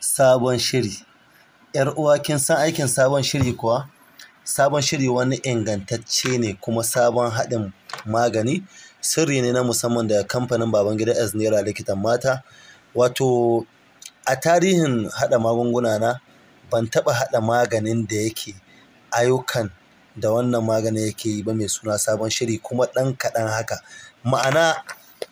sabon shiri ‘yar uwa kin san aikin sabon shiri kuwa sabon shiri wani ingantacce ne kuma sabon haɗin magani sirri ne na musamman da kamfanin babangida as naira likitan mata wato a tarihin haɗa magunguna na ban taɓa haɗa maganin da yake ayyukan da wannan magani yake yi ba mai suna sabon shiri kuma ɗan kaɗan haka ma'ana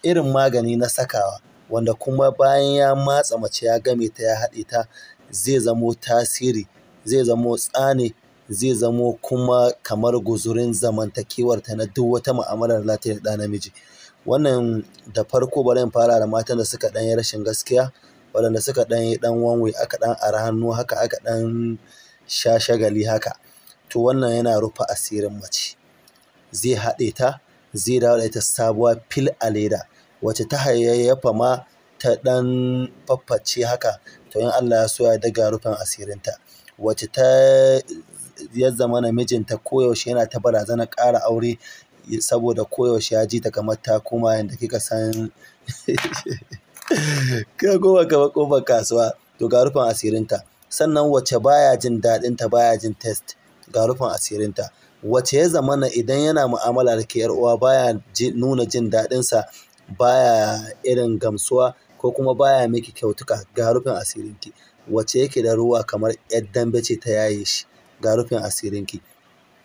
irin magani na sakawa wanda kuma bayan ya matsa mace ya game ta ya haɗe ta zai zamo tasiri zai zamo tsane zai zamo kuma kamar guzurin zamantakewar ta na duk wata mu'amalar da da namiji wannan da farko bari in fara da matan da suka ɗan yi rashin gaskiya waɗanda suka ɗan yi ɗan wanwe aka ɗan ara hannu haka aka ɗan sha shagali haka to wannan yana rufe asirin mace zai haɗe ta zai dawo da ita sabuwa fil a leda Wace ta hayayyafa ma ta ɗan fafface haka to in Allah ya so ya daga rufin asirinta wacce ta ya zama na mijinta koyaushe yana ta barazana ƙara aure saboda koyaushe ya ji ta kamar ta kuma yadda kika san ka goma ka kasuwa to ga rufin asirinta sannan wacce baya jin daɗin ta baya jin test ga rufin asirinta Wace ya zamana idan yana mu'amala da ke uwa baya nuna jin daɗinsa baya irin gamsuwa ko kuma baya miki kyautuka ga rufin asirinki Wace yake da ruwa kamar ‘yar dambe ce ta yaye shi ga rufin asirinki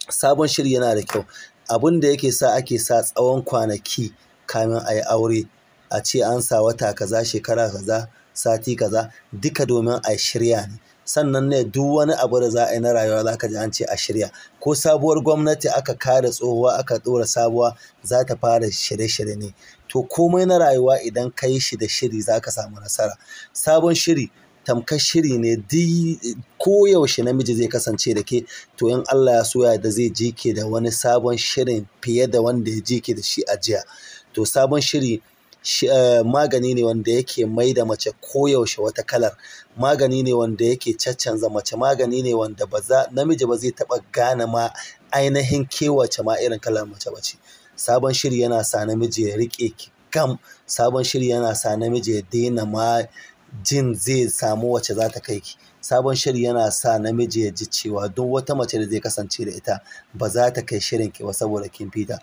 sabon shiri yana da kyau abin da yake sa ake sa tsawon kwanaki kamin a yi aure a ce an sa wata kaza shekara kaza sati kaza duka domin a shirya ne sannan ne duk wani abu da za a yi na rayuwa za ka ji an ce a shirya ko sabuwar gwamnati aka kare tsohuwa aka ɗora sabuwa za ta fara shirye-shirye ne to komai na rayuwa idan ka yi shi da shiri za ka samu nasara sabon shiri tamkar shiri ne koyaushe namiji zai kasance da ke to in Allah ya soya da zai ji ke da wani sabon shirin fiye da wanda ya ji ke da shi a jiya to sabon shiri Eh, magani ne wanda yake mai da mace koyaushe wata kalar magani ne wanda yake caccanza mace magani ne wanda ba za namiji ba zai taɓa gane ma ainihin kewace ma irin kalar mace ba ce sabon shiri yana sa namiji ya riƙe ki gam sabon shiri yana sa namiji ya daina ma jin zai samu wace za ta kai ki sabon shiri yana sa namiji ya ji cewa duk wata mace da zai kasance da ita ba za ta kai shirin ki ba saboda kin fita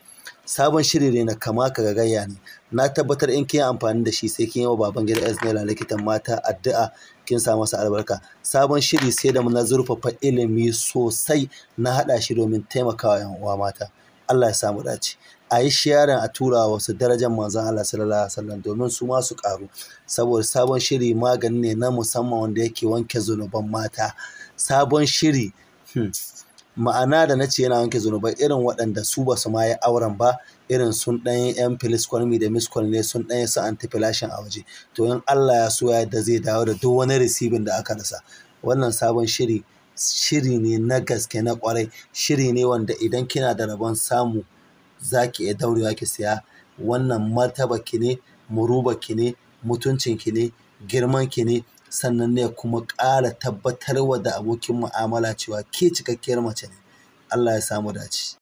sabon shiri ne na kama ka gayya ne na tabbatar in kin amfani da shi sai kin wa baban gida Esnela likitan mata addu'a kin samu sa albarka sabon shiri sai da muna zurfafa ilimi sosai na hada shi domin taimakawa yan uwa mata Allah ya samu dace a yi shiyarin a tura wasu darajar manzon Allah sallallahu alaihi wasallam domin su ma su karu saboda sabon shiri magani ne na musamman wanda yake wanke zunuban mata sabon shiri hmm, ma'ana da na ce yana wanke zunubai irin waɗanda su ba su ma yi auren ba irin sun ɗanyi yan filiskwalmi da miskwal ne sun ɗanyi su antifilashin a waje to yin allah ya so ya da zai dawo da duk wani risibin da aka rasa wannan sabon shiri shiri ne na gaske na kwarai shiri ne wanda idan kina da rabon samu za ki iya daurewa ki siya wannan martaba ki ne muruba ki ne mutuncin ki ne girman ki ne sannan ne kuma ƙara tabbatarwa da abokin mu'amala cewa ke cikakkiyar mace ne. Allah ya samu dace.